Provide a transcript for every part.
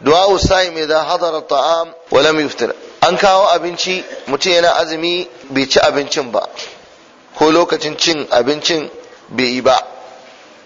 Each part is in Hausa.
du'a sa'im da hadara ta'am wa lam yuftir an kawo abinci mutum yana azumi bai ci abincin ba ko lokacin cin abincin bai yi ba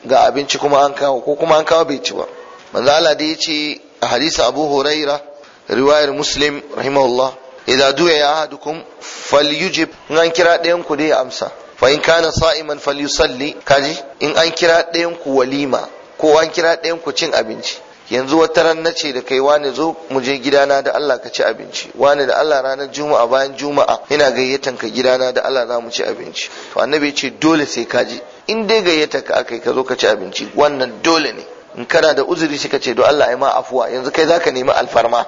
ga abinci kuma an kawo ko kuma an kawo bai ci ba manzo Allah da yace a hadisi Abu Huraira riwayar Muslim rahimahullah idza du'a ya ahadukum falyujib in an kira ɗayan ku dai amsa fa in kana sa'iman falyusalli kaji in an kira ɗayan ku walima ko an kira ɗayan ku cin abinci yanzu wata ran na ce da kai wani zo mu je gidana da Allah ka ci abinci wani da Allah ranar juma'a bayan juma'a ina gayyatan ka gidana da Allah za mu ci abinci to annabi ya ce dole sai ka ji in dai gayyata ka akai ka zo ka ci abinci wannan dole ne in kana da uzuri shi ka ce do Allah ai ma afuwa yanzu kai zaka nemi alfarma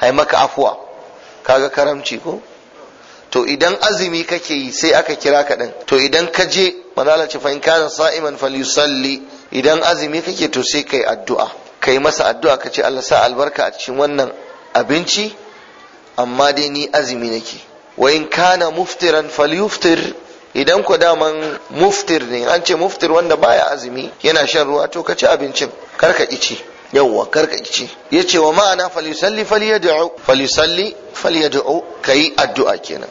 ai maka afuwa kaga karamci ko to idan azumi kake yi sai aka kira ka din to idan ka je manala ce fa in kana sa'iman falyusalli idan azumi kake to sai kai addu'a ka yi masa addu'a ka ce Allah sa albarka a cikin wannan abinci amma dai ni azumi nake wa in kana muftiran falyuftir idan ku daman muftir ne an ce muftir wanda baya azumi yana shan ruwa to ka ci abincin karka ki yawwa karka ki ci yace wa ma'ana falyusalli falyad'u falyusalli falyad'u kai addu'a kenan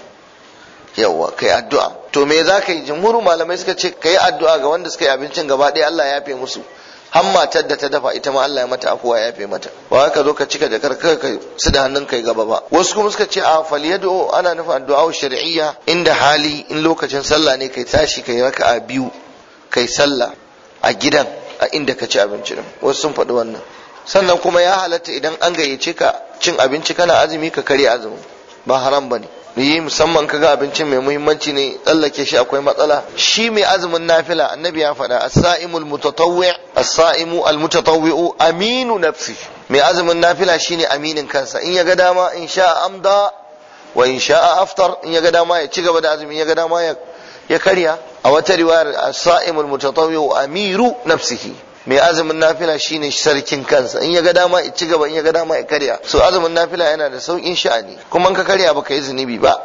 yawwa kai addu'a to me za ka yi jumhur malamai suka ce kai addu'a ga wanda suka yi abincin gaba ɗaya Allah ya yafe musu har matar da ta dafa ita ma Allah ya mata afuwa ya yafe mata ba haka zo ka cika jakar karka ka su da hannun kai gaba ba wasu kuma suka ce a falyadu ana nufin addu'a shar'iyya inda hali in lokacin sallah ne kai tashi kai raka'a biyu kai sallah a gidan a inda ka ci abinci din wasu sun faɗi wannan sannan kuma ya halatta idan an gayyace ka cin abinci kana azumi ka karya azumin ba haram bane yi musamman kaga abincin mai muhimmanci ne tsallake shi akwai matsala shi mai azumin nafila annabi ya faɗa as-sa'imul mutatawwi' as-sa'imu al aminu nafsi mai azumin nafila shine aminin kansa in ya ga dama in sha amda wa in sha aftar in ya ga dama ya ci gaba da azumi ya ga dama ya karya a wata riwayar as-sa'imul mutatawwi'u amiru nafsihi mai azumin nafila shine sarkin kansa in ya ga dama ya ci gaba in ya ga dama ya karya so azumin nafila yana da saukin sha'ani kuma in ka karya baka yi zunubi ba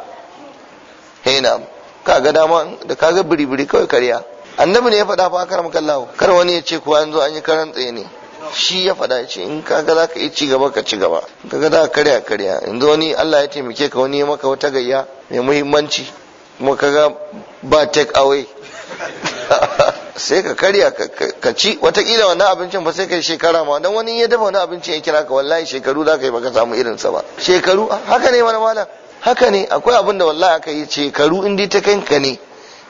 hena ka ga dama da ka ga biribiri kawai karya annabi ne ya faɗa fa karam kallahu kar wani ya ce kuwa an zo an yi karan tsaye ne shi ya faɗa ya ce in ka ga zaka yi ci gaba ka ci gaba ka ga zaka karya karya In zo wani Allah ya taimake ka wani ya maka wata gayya mai muhimmanci kuma ga ba take away sai ka karya ka ci watakila wannan abincin ba sai kai shekara ma dan wani ya dafa wani abincin ya kira ka wallahi shekaru za ka yi baka samu irin sa ba shekaru ah, haka ne mana malam haka ne akwai abin da wallahi aka yi shekaru in dai ta kanka ne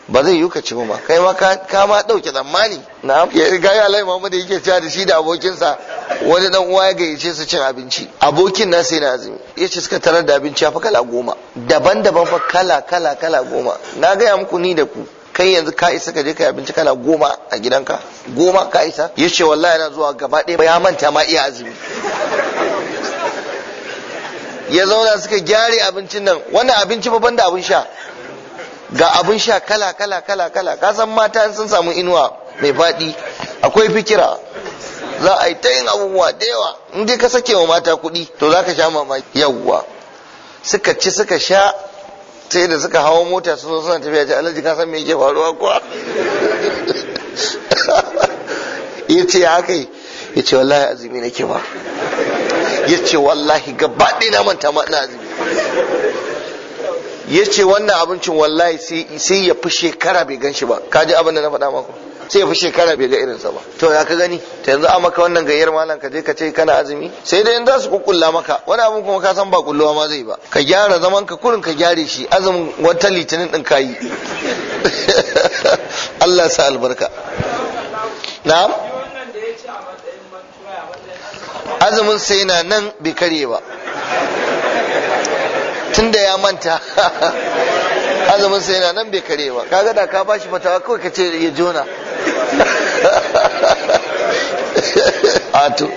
ba zai yi ka ci ba kai ma ka ma dauke tsammani na ya riga ya mamu da yake cewa da shi da abokinsa wani dan uwa ya gayyace su cin abinci abokin na sai na azumi ce suka tarar da abinci ya fa kala goma daban-daban fa kala kala kala goma na gaya muku ni da ku kai yanzu ka isa ka je kai abinci kala goma a gidanka goma ka isa ya ce wallahi yana zuwa gaba ɗaya ya manta ma iya azumi ya zauna suka gyare abincin nan wannan abinci ba banda abin sha ga abin sha kala kala kala kala ka san mata sun samu inuwa mai faɗi akwai fikira za a yi ta yin abubuwa da yawa in dai ka sake wa mata kuɗi to za ka sha mamaki yawwa suka ci suka sha sai da suka hawo mota sun zo suna tafiya ce alhaji ka san me yake faruwa kuwa ya ce ya haka ya ce wallahi azumi nake ba ya ce wallahi gaba na manta ma na azumi ya ce wannan abincin wallahi sai ya fi shekara bai gan shi ba kaji abin da na faɗa maku. sai fi shekara bai ga irinsa ba to ya ka gani ta yanzu a maka wannan gayyar malam ka je ka ce kana azumi sai dai in za su kukkulla maka wani abin kuma ka san ba kulluwa ma zai ba ka gyara zaman ka kurin ka gyare shi azumin wata litinin din kayi Allah sa albarka na'am azumin sai na nan bai kare ba Tun da ya manta azumin sai na nan bai kare ba kaga da ka bashi fatawa kawai ka ce ya jona ato